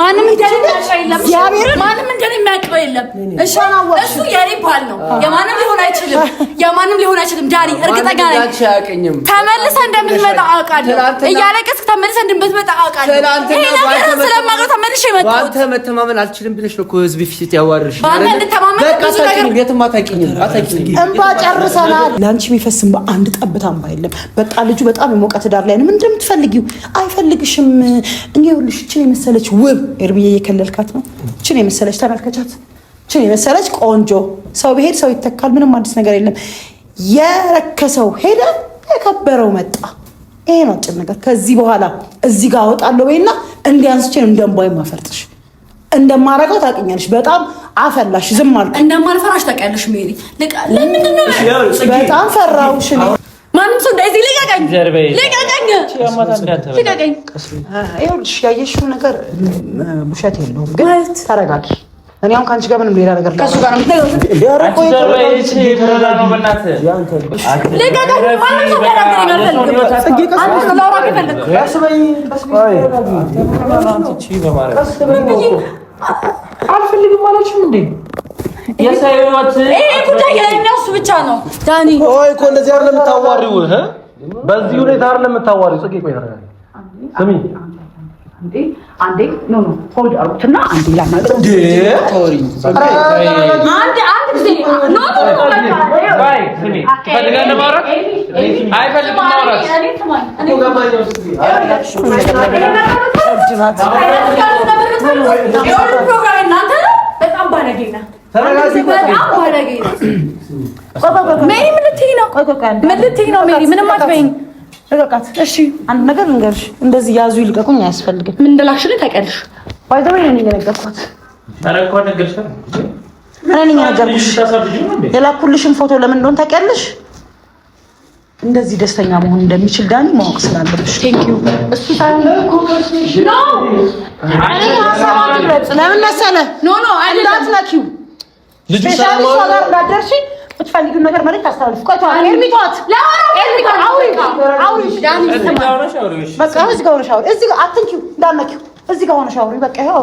ማንም እንደኔ የሚያውቅ መቅበር የለም። እሱ የኔ ባል ነው፣ የማንም ሊሆን አይችልም። የማንም ሊሆን አይችልም። ዳኒ እርግጠኛ ነኝ ተመልሰህ እንደምትመጣ አውቃለሁ። እያለቀስክ ተመልሰህ እንደምትመጣ አውቃለሁ። ይሄ ነገር ስለማውቀው ተመልሼ መጣሁ። በአንተ መተማመን አልችልም ብለሽ ነው እኮ ህዝብ ፊት ያዋርሽ። የትም አታውቂኝም። እንባ ጨርሰናል። ለአንቺ የሚፈስም በአንድ ጠብታ እንባ የለም። በቃ ልጁ በጣም የሞቀ ትዳር ላይ ነው። ምን እንደምትፈልጊው አይፈልግሽም። እኔ ይኸውልሽ፣ እችን የመሰለች ውብ ኤርብዬ እየከለልካት ነው። እችን የመሰለች ተመልከቻት። ችን የመሰለች ቆንጆ ሰው ብሄድ ሰው ይተካል። ምንም አዲስ ነገር የለም። የረከሰው ሄደ፣ የከበረው መጣ። ይሄ ነው አጭር ነገር። ከዚህ በኋላ እዚህ ጋር አወጣለሁ በይና እንዲያንስችን እንደንቧይ ማፈርጥሽ እንደማረገው ታውቂኛለሽ። በጣም አፈላሽ፣ ዝም አልኩ። እንደማልፈራሽ ታውቂያለሽ ሜሪ። ለምንድን ነው በጣም ፈራሁሽ? ማንም ሰው እንደዚህ ልቀቀኝ፣ ልቀቀኝ፣ ልቀቀኝ። ይኸውልሽ ያየሽው ነገር ውሸት የለውም፣ ግን ተረጋጊ እኔ አሁን ከአንቺ ጋር ምንም ሌላ ነገር ከሱ ጋር ነው ነው። የምታዋሪው በዚህ ሁኔታ አይደለም የምታዋሪው ጽጌ ቆይ አንዴ ኖ ኖ ሆልድ አድርጉት አንዴ ላናግረው። እንዴ ሜሪ ምን ልትይ ነው? ምን ልትይ ነው ሜሪ? ምንም አትበይኝ ልቀቃት። እሺ አንድ ነገር ልንገርሽ፣ እንደዚህ ያዙ ይልቀቁኝ አያስፈልግም። ምን እንደላክሽልኝ ታውቂያለሽ? ባይዘወይ ነው የነገርኳት። እኔ ነገርኩሽ። የላኩልሽን ፎቶ ለምን እንደሆነ ታውቂያለሽ? እንደዚህ ደስተኛ መሆን እንደሚችል ዳኒ ማወቅ ስላለብሽ። ቴንክ ዩ። እሱ ለምን መሰለህ እንዳትነኪው ስፔሻሊ እሷ ጋር እንዳትደርሺ የምትፈልጊውን ነገር መልዕክት አስተላልፍ። ቆይቷ ተዋት፣ ኤርሚ ተዋት። አውሪ አውሪ፣ በቃ እዚህ ጋር ሆነሽ አውሪ። እዚህ ጋር እዚህ ጋር በቃ ይኸው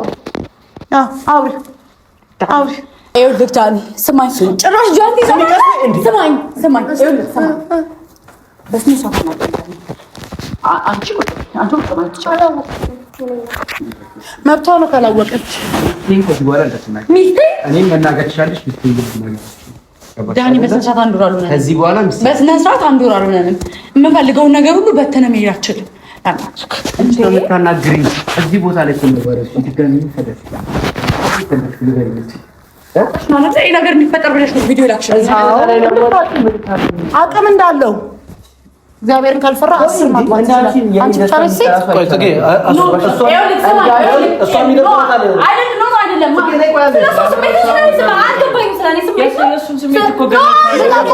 አውሪ፣ አውሪ፣ አውሪ። ይኸውልህ ጃኒ ስማኝ፣ ጭራሽ ጃኒ ስማኝ፣ ስማኝ፣ ስማኝ መብቷ ነው ካላወቀች ሚስቴ ዳኒ በስነ ስርዓት አንድ ወር አልሆነንም። ከዚህ በኋላ በስነ ስርዓት አንድ ወር አልሆነንም። የምፈልገውን ነገር ሁሉ በተነ መሄድ አልችልም። ታናግሪኝ እዚህ ቦታ ላይ ነገር የሚፈጠር ብለሽ ነው ቪዲዮ አቅም እንዳለው እግዚአብሔርን ካልፈራ አስር ማግባት ይችላል። አንቺ ብቻ አይደለም። ስሜት እኮ ገና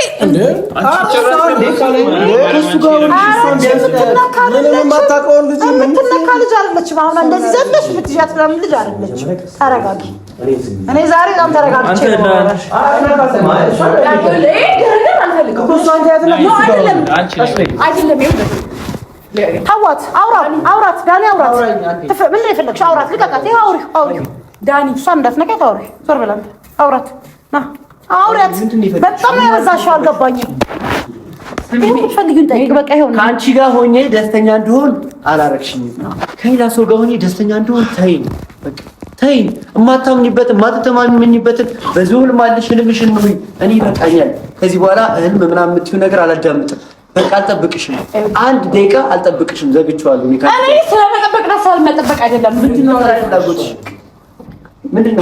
የምትነካ ልጅ አይደለችም። አሁን እንደዚህ ዘለሽ የምትይዣት ምናምን ልጅ አይደለችም። ተረጋጊ። እኔ ዛሬ በጣም ተረጋግቼ አውራት አውራት ዳኒ አውራት ምንድን ነው አውራት ልቀቃት። አውሪ አውሪ ዳኒ እሷን እንዳትነካት። አውሪ ዞር በላ አውራት ና አውረት በጣም ነው ያበዛሽው። አልገባኝም። ከአንቺ ጋር ሆኜ ደስተኛ እንድሆን አላረግሽኝም። ከሌላ ሰው ጋር ሆኜ ደስተኛ እንድሆን ተይኝ፣ ተይኝ። እማታምኝበትን ማትተማምኝበትን በዚህ ህልም አለሽ፣ ህልምሽን ኑሪ። እኔ ይበቃኛል። ከዚህ በኋላ ህልም ምናምን የምትይው ነገር አላዳምጥም። በቃ አልጠብቅሽም። አንድ ደቂቃ አልጠብቅሽም። ዘግቼዋለሁ። እኔ ስለመጠበቅ ደስ አልመጠበቅ አይደለም ምንድን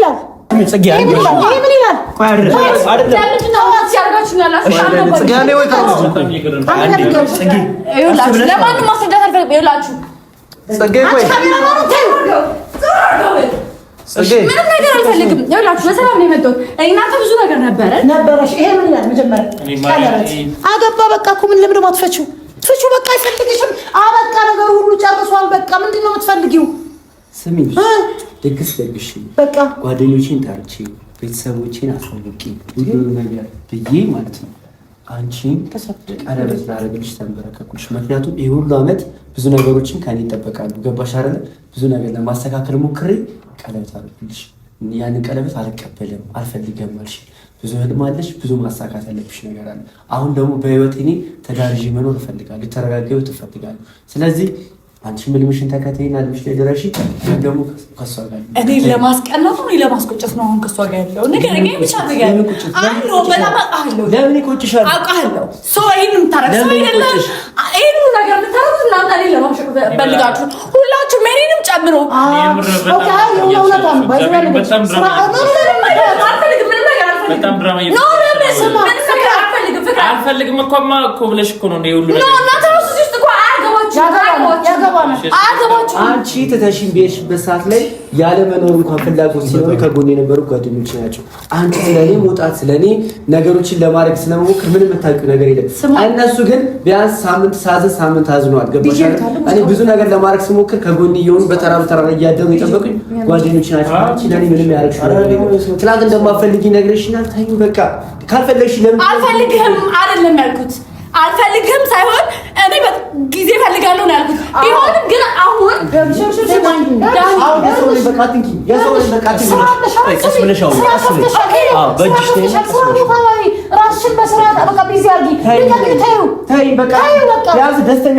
ነው ምንም ነገር አልፈልግም። ይኸውላችሁ በሰላም ነው የመጣሁት። እናንተ ብዙ ነገር ነበረ ነበረሽ። ይሄ ምን ይላል መጀመሪያ አገባ። በቃ እኮ ምን ለምን ደግሞ አትፈቺው? በቃ አይፈልግሽም። አበቃ፣ ነገር ሁሉ ጨርሷል። በቃ ምንድን ነው የምትፈልጊው? ስሚ ድግስ ደግሽ በቃ ጓደኞቼን ጠርቼ ቤተሰቦቼን አሳውቂ ሁሉ ነገር ብዬ ማለት ነው። አንቺን ቀለበት ላረግልሽ ተንበረከኩልሽ። ምክንያቱም ይህ ሁሉ ዓመት ብዙ ነገሮችን ከኔ ይጠበቃሉ። ገባሽ አይደለ? ብዙ ነገር ለማስተካከል ሞክሬ ቀለበት አረግልሽ። ያንን ቀለበት አልቀበልም አልፈልገም አልሽ። ብዙ ህልም አለሽ፣ ብዙ ማሳካት ያለብሽ ነገር አለ። አሁን ደግሞ በህይወት እኔ ተዳርዤ መኖር እፈልጋለሁ፣ ተረጋጋዩ እፈልጋለሁ። ስለዚህ አንቺ ምልምሽን ተከተይና ልምሽ ላይ ድረሺ። ደግሞ ከሷ ጋር እኔ ለማስቀናት ነው ለማስቆጨት ነው። አሁን ከሷ ጋር ያለው ነገር ግን ብቻ ያለው በጣም አውቃለሁ። ለምን ይቆጭሻል? አውቃለሁ። ሰው ይሄን የምታረግ ሰው አይደለም። ይሄን ነገር የምታረጉት እናንተ እኔን ለማሸቅ ፈልጋችሁ ሁላችሁም እኔንም ጨምሮ በጣም ድራማ አልፈልግም እኮ ብለሽ እኮ ነው ሁሉ ነገር አንቺ ትተሽኝ በሄድሽበት ሰዓት ላይ ያለ መኖር እንኳን ፍላጎት ሲኖር ከጎን የነበሩ ጓደኞች ናቸው። አንቺ ስለኔ መውጣት ስለኔ ነገሮችን ለማድረግ ስለመሞክር ምንም የምታውቂው ነገር የለም። እነሱ ግን ቢያንስ ሳምንት ሳዝን ሳምንት አዝኗል። ገባሽ? እኔ ብዙ ነገር ለማድረግ ስሞክር ከጎን እየሆኑ በተራ በተራ ላይ እያደሩ የጠበቁኝ ጓደኞች ናቸው። አንቺ ለኔ ምንም ያደረግሽው ነገር የለም። ትናንት እንደማፈልጊ ነግረሽኛል። ተይው በቃ ካልፈለግሽ ለምን አልፈልግህም አይደለም ያልኩት አልፈልግህም ሳይሆን አንዳንዴ ጊዜ ፈልጋለሁ ነው ያልኩት። ቢሆንም ግን አሁን ራስሽን በስርዓት በቃ ቢዚ አድርጊ። ደስተኛ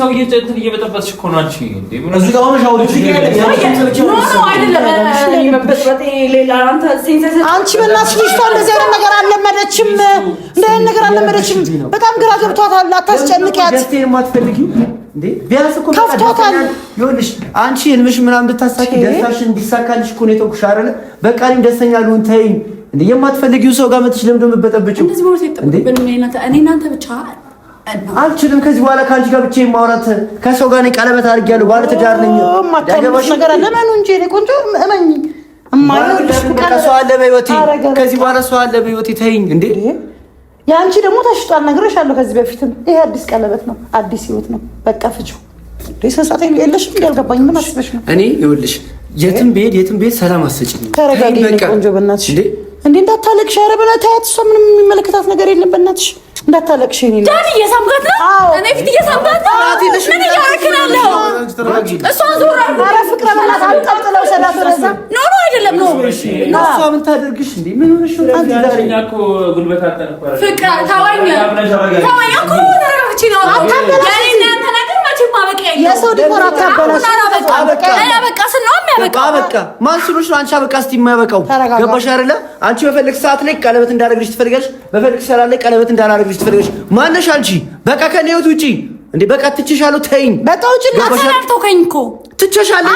ሰው እንትን እየበጠበጥሽ እኮ ነው አንቺ። እዚህ ጋር ሆነሽ አንቺ በእናትሽ ልጅቷ እንደዚህ አይነት ነገር አለመደችም፣ እንደዚህ አይነት ነገር አለመደችም። በጣም ግራ ገብቷታል። አታስጨንቂያት። ከፍቷታል። አንቺ ህልምሽ ምናምን ብታሳኪ ደስታሽ እንዲሳካልሽ እኮ ነው የተውኩሽ አይደለ? በቃ እኔም ደስተኛ ልሁን ተይኝ። የማትፈልጊው ሰው ጋር መጥተሽ ለምንድን ነው የምትበጠብጪው? አልችልም። ከዚህ በኋላ ከአንቺ ጋር ብቻዬን ማውራት ከሰው ጋር እኔ ቀለበት አድርጌያለሁ። ባለ ትዳር ነኝ። ነገር አለ መኑ እንጂ እኔ ቆንጆ እመኝ ሰው አለ በህይወቴ። ከዚህ በኋላ ሰው አለ በህይወቴ። ተይኝ እንዴ! የአንቺ ደግሞ ተሽጧል፣ ነግሬሻለሁ ከዚህ በፊትም። ይሄ አዲስ ቀለበት ነው፣ አዲስ ህይወት ነው። በቃ ፍቺው ሰንሳት የለሽም። እንዳልገባኝ ምን አስበሽ ነው? እኔ ይኸውልሽ፣ የትም ብሄድ የትም ብሄድ ሰላም አትሰጪኝም። ተረጋጊ ቆንጆ በእናትሽ እንዴ እንዳታለቅሽ፣ ኧረ በላ ታያት። እሷ ምንም የሚመለከታት ነገር የለም። በእናትሽ እንዳታለቅሽ። እኔ ዳኒ እየሳምካት ነው። እኔ ፊት እየሳምካት ነው። ምን እያደረክ ነው ያለው? እሷ ዞራ ኧረ ፍቅረ በላት አንጠልጥለው ሰዳት ወደዛ። ኖ ኖ አይደለም ኖ እሷ ምን ታደርግሽ እንዴ? ምን ሆነሽ ነው? አንቺ እኮ ጉልበት አጠልቆ ፍቅረ ታወኛ ታወኛ እኮ ተረጋግቼ ነው ያኔ እናንተ ነገር መቼም ማበቂያ የለም። የሰው ድኮር አታበላሽ። አበቃ አበቃ በቃ አንቺ በቃ ሰዓት ላይ ቀለበት እንዳደረግልሽ ትፈልጋለሽ፣ በፈለግ ሰዓት ላይ ቀለበት እንዳደረግልሽ ትፈልጋለሽ። ማነሽ አንቺ? በቃ ህይወት ውጪ እንዴ! በቃ ትችሻለሁ፣ ተይኝ። በቃ ውጪ። ሰላም ተውከኝ እኮ ትቸሻለሁ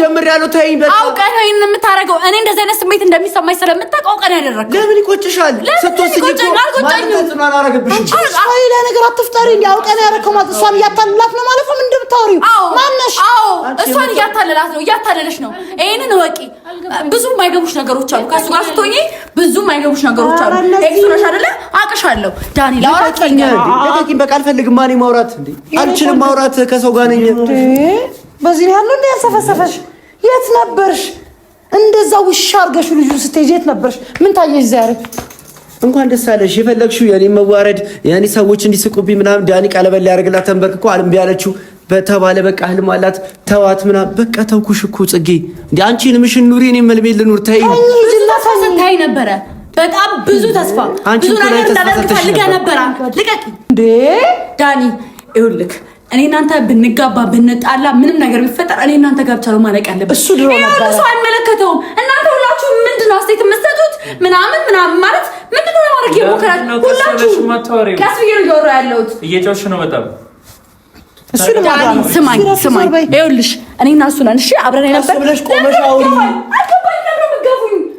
ጀምር ያለው ተይኝ። አውቀህ ነው ይሄን የምታደርገው? እኔ እንደዚህ አይነት ስሜት እንደሚሰማኝ ስለምታውቅ አውቀህ ነው ያደረግከው። ለምን ይቆጭሻል? ስትወስጂ ሌላ ነገር አትፍጠሪ። እንደ አውቀህ ነው ያደረግከው ማለት እሷን እያታለላት ነው ማለት ነው። ምንድን እንደምታወሪው ማነሽ? አዎ እሷን እያታለላት ነው፣ እያታለለች ነው። ይሄንን ወቂ። ብዙ የማይገቡሽ ነገሮች አሉ። ከእሱ ጋር ስትሆኚ ብዙ የማይገቡሽ ነገሮች አሉ። ኤክስ ነሽ አይደለ? አቅሻለሁ ዳኒ። ላወራት ፈልጋለሁ። በቃ አልፈልግም። ማን ማውራት? እንዴ አልችልም ማውራት። ከሰው ጋር ነኝ በዚህ ነው እንደ ያሰፈሰፈሽ የት ነበርሽ? እንደዛ ውሻ አርገሽ ልጁ ስትሄጂ የት ነበርሽ? ምን ታየሽ ዛሬ? እንኳን ደስ አለሽ። የፈለግሽው የኔ መዋረድ፣ የኔ ሰዎች እንዲስቁብኝ ምናምን። ዳኒ ቀለበት ሊያደርግላት ተንበርክኮ አልም አለችው በተባለ በቃ ህልም አላት። ተዋት ምናምን በቃ ተውኩሽ እኮ ጽጌ። እንደ አንቺ ህልምሽን ኑሪ፣ እኔ መልሜ ልኑር። ተይ ታይ ነበረ በጣም ብዙ ተስፋ ብዙ ነገር እንዳደርግ ፈልገህ ነበረ። ልቀቂ ዳኒ ይሁልክ እኔ እናንተ ብንጋባ ብንጣላ ምንም ነገር ቢፈጠር እኔ እናንተ ጋር ነው ማለቅ ያለብን። እሱ ድሮ ነበር እሱ አይመለከተውም። እናንተ ሁላችሁ ምንድን ነው አስተያየት የምትሰጡት? ምናምን ምናምን ማለት ምንድን ነው ማድረግ የሞከራችሁ? ሁላችሁ ቀስ ብዬ ነው እያወራሁ ያለሁት። እየጨዋሽ ነው በጣም እሱ ስማኝ ስማኝ፣ ይኸውልሽ እኔ እና እሱ ነን እሺ፣ አብረን ነበር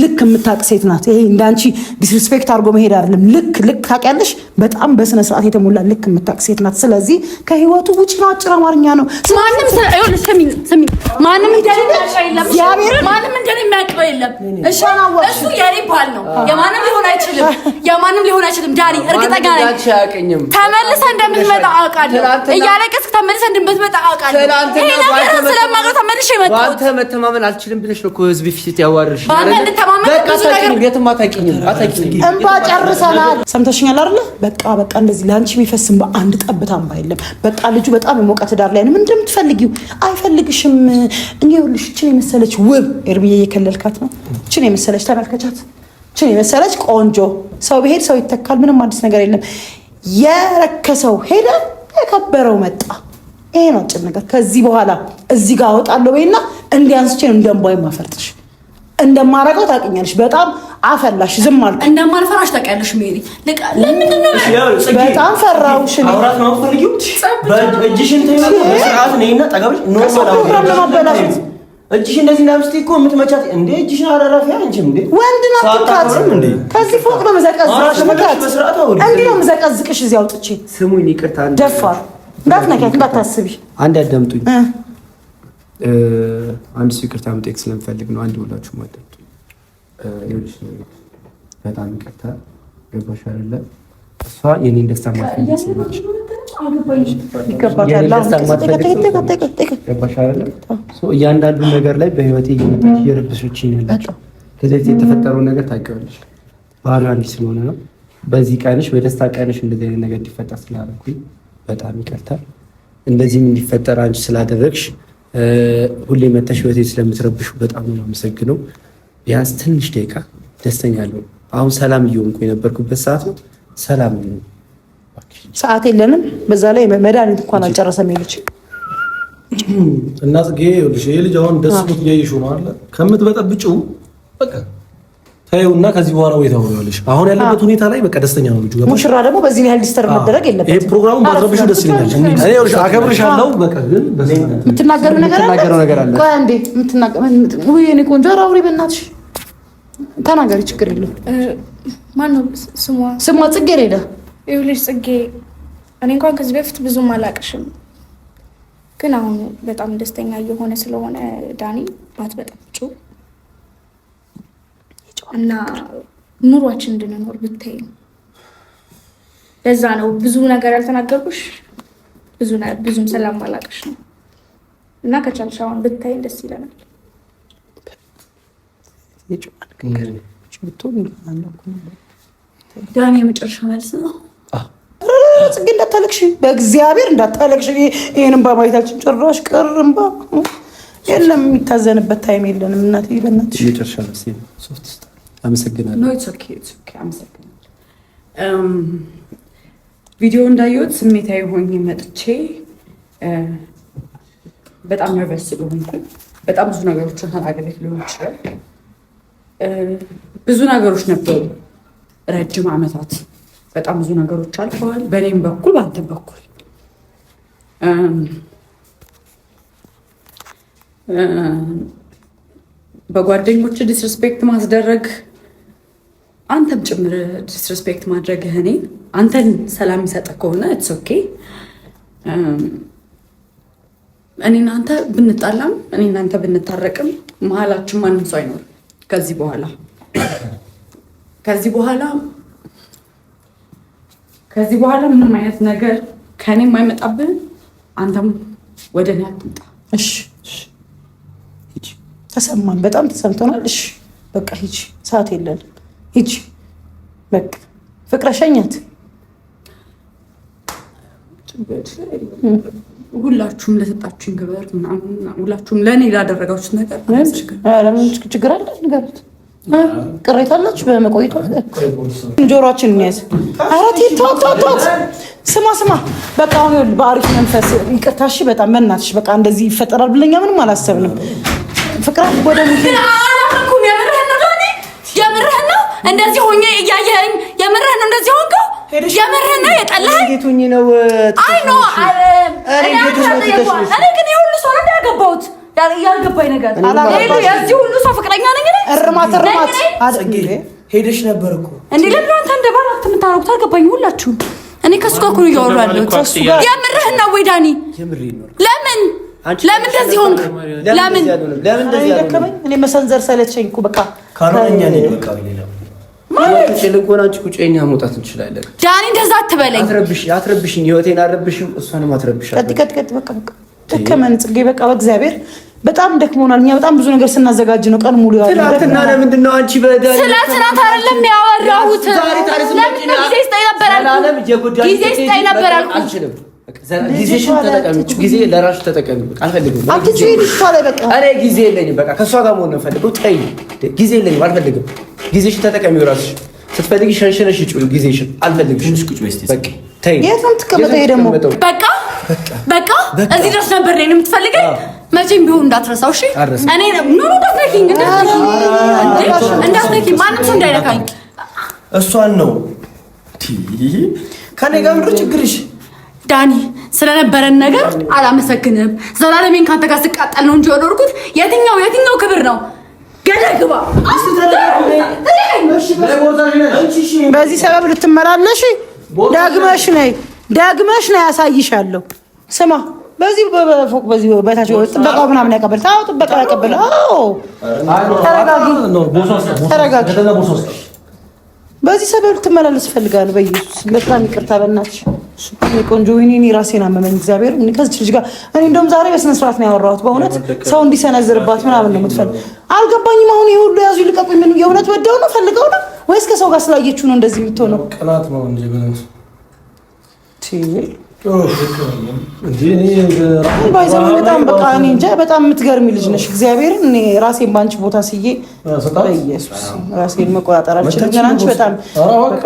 ልክ የምታውቅ ሴት ናት። ይሄ እንዳንቺ ዲስሪስፔክት አድርጎ መሄድ አይደለም። ልክ ልክ ታውቂያለሽ። በጣም በስነ ስርዓት የተሞላ ልክ የምታውቅ ሴት ናት። ስለዚህ ከህይወቱ ውጭ ነው። አጭር አማርኛ ነው። ማንም ማንም የማንም ሊሆን አይችልም። ዳኒ እርግጠኛ ነኝ። ተመልሰህ እንደምትመጣ አውቃለሁ። እያለቀስክ ተመልሰህ እንደምትመጣ አውቃለሁ። ስለማውቀው ተመልሼ መጣሁ። በአንተ መተማመን አልችልም ብለሽ ነው እኮ ህዝብ ፊት ያዋርሽ እንባ ጨርሰናል። በቃ በቃ እንደዚህ ለአንቺ የሚፈስም በአንድ ጠብታ እንባ የለም። በቃ ልጁ በጣም የሞቀ ትዳር ላይ ነው። ምን እንደምትፈልጊው አይፈልግሽም። እኔ ይኸውልሽ እችን የመሰለች ውብ እየከለልካት ነው። እችን የመሰለች ተመልከቻት፣ እችን የመሰለች ቆንጆ ሰው ብሄድ ሰው ይተካል። ምንም አዲስ ነገር የለም። የረከሰው ሄደ፣ የከበረው መጣ። ይሄ ነው አጭር ነገር። ከዚህ በኋላ እዚህ ጋር አወጣለሁ በይና እንደማረቀው ታውቂኛለሽ። በጣም አፈላሽ፣ ዝም አልኩ። እንደማልፈራሽ ታውቂያለሽ ሜሪ። ለምንድን ነው በጣም ፈራሁሽ? አውራት ነው ፈልጊው። እጅሽን ተይው፣ በስርዓት ነይና ጠገብሽ። ኖርማል አውራት እጅሽ እንደዚህ ናብስቲ እኮ የምትመቻት እንዴ? እጅሽ አራራፊ አንቺ እንዴ? ወንድ ነው እንዴ? ከዚህ ፎቅ ነው መዘቀዝቅሽ። ምታት እንዴ ነው መዘቀዝቅሽ? እዚህ አውጥቼ ስሙኝ። ይቅርታ ደፋር እንዳትነካት፣ እንዳታስቢ። አንድ አዳምጡኝ አንድ ሰው ይቅርታ መጠየቅ ስለምፈልግ ነው። አንድ ሁላችሁ ማለት ሌሎች በጣም ይቅርታ ገባሽ አይደለ? እሷ የኔን ደስታ ማፈልግ ስለች እያንዳንዱ ነገር ላይ በህይወቴ እየመጣች እየረበሰች ያላቸው ከዚህ የተፈጠረውን ነገር ታውቂዋለሽ። ባህሪ አንድ ስለሆነ ነው። በዚህ ቀንሽ በደስታ ቀንሽ እንደዚህ አይነት ነገር እንዲፈጠር ስላደረኩኝ በጣም ይቅርታ። እንደዚህም እንዲፈጠር አንቺ ስላደረግሽ ሁሌ መተሽ ህይወቴ ስለምትረብሹ በጣም ነው የማመሰግነው። ቢያንስ ትንሽ ደቂቃ ደስተኛ አለው። አሁን ሰላም እየሆንኩ የነበርኩበት ሰዓት ሰላም ነው። ሰዓት የለንም። በዛ ላይ መድኃኒት እንኳን አልጨረሰም። ይልች እና ጽጌ ይሄ ልጅ አሁን ደስ ብሎት እያየሽው ነው አለ ከምትበጠብጭው በቃ ታዩና ከዚህ በኋላ ወይ ታወሪዋለሽ። አሁን ያለበት ሁኔታ ላይ በቃ ደስተኛ ነው ልጁ። ሙሽራ ደግሞ በዚህ ያህል ዲስተርብ መደረግ የለበትም። ይሄ ፕሮግራሙ ማድረብሽ ደስ ይለኛል። እኔ ይኸውልሽ አከብርሻለሁ። በቃ ግን የምትናገረው ነገር አለ፣ ነገር አለ። ቆይ አንዴ የምትናገረው ወይ እኔ ቆንጆ አውሪ፣ በእናትሽ ተናገሪ፣ ችግር የለውም። ማን ነው ስሟ? ስሟ ጽጌረዳ። ይኸውልሽ ጽጌ፣ እኔ እንኳን ከዚህ በፊት ብዙም አላቅሽም፣ ግን አሁን በጣም ደስተኛ እየሆነ ስለሆነ ዳኒ ባት በጣም ጩ እና ኑሯችን እንድንኖር ብታይ ነው። ለዛ ነው ብዙ ነገር ያልተናገርኩሽ፣ ብዙም ሰላም አላቀሽ ነው። እና ከቻልሽ አሁን ብታይ ደስ ይለናል። ዳኒ የመጨረሻ መልስ ነው። ጽጌ እንዳታለቅሽ፣ በእግዚአብሔር እንዳታለቅሽ። ይህንም በማየታችን ጭራሽ ቅርምባ የለም የሚታዘንበት ታይም የለንም። እናት በእናትሽ የመጨረሻ መልስ ሶፍት አመሰግናለሁ። um, ቪዲዮ እንዳየሁት ስሜታዊ ሆኜ መጥቼ uh, በጣም ነርቨስ ስለሆንኩ በጣም ብዙ ነገሮችን ተናግሬ ሊሆን ይችላል። uh, ብዙ ነገሮች ነበሩ። ረጅም ዓመታት በጣም ብዙ ነገሮች አልፈዋል። በእኔም በኩል በአንተም በኩል um, uh, በጓደኞች ዲስሪስፔክት ማስደረግ አንተም ጭምር ዲስሬስፔክት ማድረግ እኔ አንተን ሰላም ይሰጠህ ከሆነ ኢትስ ኦኬ። እኔና አንተ ብንጣላም እኔና አንተ ብንታረቅም መሀላችን ማንም ሰው አይኖርም ከዚህ በኋላ ከዚህ በኋላ ከዚህ በኋላ ምንም አይነት ነገር ከእኔ አይመጣብን። አንተም ወደ እኔ አትምጣ እሺ? ተሰማን፣ በጣም ተሰምቶናል። እሺ በቃ ሂጂ፣ ሰዓት የለን ሂጂ በቃ ፍቅረ ሸኛት። ሁላችሁም ለሰጣችሁኝ ክብር፣ ሁላችሁም ለእኔ ላደረጋችሁት ነገር ችግር አለ ንገሩት። ቅሬታ አላችሁ በመቆየቷ ጆሮችን እንያዝ። አራት ተወት። ስማ ስማ፣ በቃ አሁን በአሪፍ መንፈስ ይቅርታሽ፣ በጣም መናትሽ፣ በቃ እንደዚህ ይፈጠራል ብለኛ ምንም አላሰብንም። ፍቅራት ወደ እንደዚህ ሆኜ እያየኸኝ የምርህ እንደዚህ ሆንከው የምርህ ነው? የጠላህ ነው? አይ ኖ እኔ ግን የሁሉ ሰው ነው እንዳያገባሁት ያልገባኝ ነገር የዚህ ሁሉ ሰው ፍቅረኛ ነኝ። እርማት እርማት ሄደሽ ነበር እኮ እንዴ! ለምን አንተ እንደ የምታረጉት ሁላችሁም እኔ ከሱ ጋር እኮ ያለሁት። የምርህን ነው ወይ ዳኒ? ለምን ለምን እንደዚህ ሆንክ? ለምን ለምን እንደዚህ እኔ መሰንዘር ሰለቸኝ እኮ በቃ ልንጎናችሁ ቁጭ ኛ መውጣት እንችላለን። ዳኒ እንደዛ አትበለኝ። አትረብሽኝ፣ ህይወቴን አትረብሽም፣ እሷንም አትረብሻለሁ። ቀጥ ቀጥ በቃ በቃ ደከመን ጽጌ፣ በቃ በእግዚአብሔር በጣም ደክሞናል። እኛ በጣም ብዙ ነገር ስናዘጋጅ ነው ቀን ሙሉ ያወራሁት። ትናንትና ለምንድን ነው አንቺ በዳኒ ስለ ትናንት አይደለም ያወራሁት። ለምን ጊዜ ስጠኝ ነበር አልኩ፣ ጊዜ ስጠኝ ነበር አልኩ። አልችልም ጊዜ ለራስሽ ተጠቀሚ። አልፈልግም። ጊዜ የለኝም። በቃ ከእሷ ጋር መሆን ነው የምፈልገው። ጊዜ የለኝም። አልፈልግም ጊዜሽን ተጠቀሚ እራስሽ። ስትፈልጊ ሸንሸነሽ እጪው ጊዜሽን። አልፈልግሽም። ቁጭ በይ እስኪ። በቃ እዚህ ድረስ ነበር ነው የምትፈልገኝ። መቼም ቢሆን እንዳትረሳው። እሺ እኔ ኑ ኑ እንዳትነኪኝ፣ እንዳትነኪኝ፣ ማንም ሰው እንዳይነካኝ። እሷን ነው ከኔ ጋር ምድር ችግርሽ ዳኒ ስለነበረን ነገር አላመሰግንም። ዘላለሜን ካንተ ጋር ስቃጠል ነው እንጂ የኖርኩት። የትኛው የትኛው ክብር ነው ገደል ግባ። በዚህ ሰበብ ልትመላለሽ ደግመሽ ነይ፣ ደግመሽ ነይ፣ ያሳይሻለሁ። ስማ በዚህ በፎቅ በዚህ በታች ጥበቃው ምናምን ያቀበል ታው ጥበቃ ያቀበል። አዎ ተረጋጊ። በዚህ ሰበብ ልትመላለስ እፈልጋለሁ። በኢየሱስ በጣም ይቅርታ በእናትሽ ቆንጆ ወይኔ ራሴን አመመኝ። እግዚአብሔር ከዚች ልጅ ጋር እኔ እንደውም ዛሬ በስነ ስርዓት ነው ያወራሁት። በእውነት ሰው እንዲሰነዝርባት ምናምን ነው የምትፈል አልገባኝም። አሁን ይሄ ሁሉ ያዙ ይልቀቁኝ። ምን የእውነት ወደው ነው ፈልገው ነው ወይስ ከሰው ጋር ስላየችው ነው እንደዚህ የምትሆነው? ቅናት ነው እንጂ በጣም በቃ እኔ እንጃ። በጣም የምትገርሚ ልጅ ነሽ። እግዚአብሔርን እኔ ራሴን በአንቺ ቦታ ስዬ በኢየሱስ ራሴን መቆጣጠር አልችልም። ገና አንቺ በጣም በቃ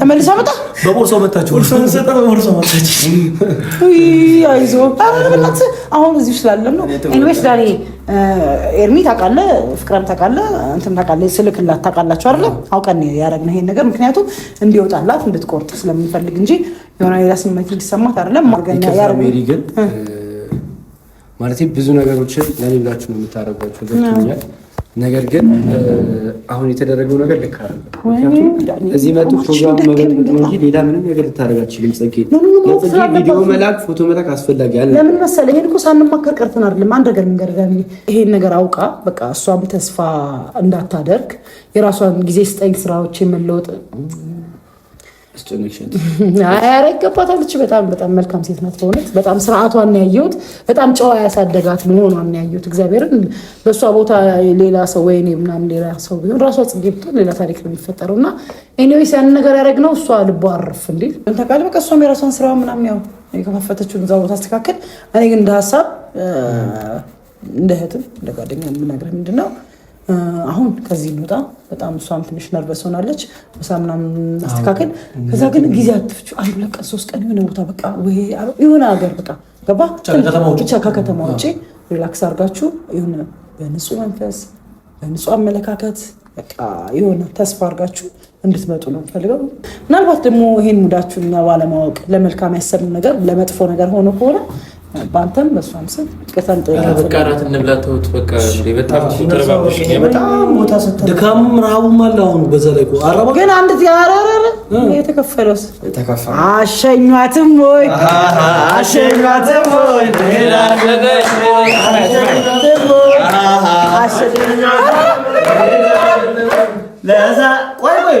ተመልሳ መጣ። በቦርሳው መታችሁ። አሁን እዚህ ስላለም ነው። ኢንዌስ ዳኒ ኤርሚ ታውቃለ ፍቅረም ታውቃለ እንትን ታውቃለህ፣ ስልክላት ታውቃላችሁ አይደለ? አውቀን ያደረግነው ይሄን ነገር ምክንያቱም እንዲወጣላት እንድትቆርጥ ስለምንፈልግ እንጂ የሆነ ሌላ ስሜት እንዲሰማት አይደለም። ግን ማለቴ ብዙ ነገሮችን ለኔ ብላችሁ ነው የምታደርጓቸው ገብቶኛል። ነገር ግን አሁን የተደረገው ነገር ልክ አይደለም። እዚህ መጡ ፕሮግራም መበጥበጥ እንጂ ሌላ ምንም ነገር ልታደርግ አትችልም። ጽጌ ቪዲዮ መላክ፣ ፎቶ መላክ አስፈላጊ አለ። ለምን መሰለ ይሄን እኮ ሳንማከር ቀርተን አይደለም። አንድ ነገር መንገር ይሄን ነገር አውቃ በቃ እሷም ተስፋ እንዳታደርግ የራሷን ጊዜ ስጠኝ ስራዎች የመለወጥ ያረገባታለች። በጣም በጣም መልካም ሴት ናት። በእውነት በጣም ስርዓቷን ያየሁት፣ በጣም ጨዋ ያሳደጋት መሆኗን ያየሁት። እግዚአብሔርን በእሷ ቦታ ሌላ ሰው ወይ ምናምን ሌላ ሰው ቢሆን ራሷ ጽጌ ብትሆን ሌላ ታሪክ ነው የሚፈጠረው። እና ኤኒዌይስ ያን ነገር ያደረግነው እሷ ልቧ አርፍ እንዲል ታውቃለህ። በቃ እሷም የራሷን ስራ ምናምን ያው የከፋፈተችውን እዛ ቦታ አስተካከል። እኔ ግን እንደ ሀሳብ እንደ እህትም እንደ ጓደኛ የምነግርህ ምንድን ነው አሁን ከዚህ ልውጣ፣ በጣም እሷም ትንሽ ነርበስ ሆናለች። ምሳ ምናምን አስተካከል። ከዛ ግን ጊዜ አትፍች። አንድ ሁለት ቀን ሶስት ቀን የሆነ ቦታ በቃ የሆነ ሀገር በቃ ገባ ብቻ ከከተማ ውጭ ሪላክስ አድርጋችሁ የሆነ በንጹህ መንፈስ በንጹህ አመለካከት በቃ የሆነ ተስፋ አድርጋችሁ እንድትመጡ ነው ፈልገው። ምናልባት ደግሞ ይሄን ሙዳችሁን ባለማወቅ ለመልካም ያሰብነው ነገር ለመጥፎ ነገር ሆኖ ከሆነ በአንተም በእሷም ስል ቀራት እንብላ። ተውት በቃ በጣም ድካሙ ረሃቡም አለ። አሁን በዛ ላይ ግን አንድ የተከፈለውስ አሸኟትም ወይ አሸኟትም ወይ ለዛ ቆይ ቆይ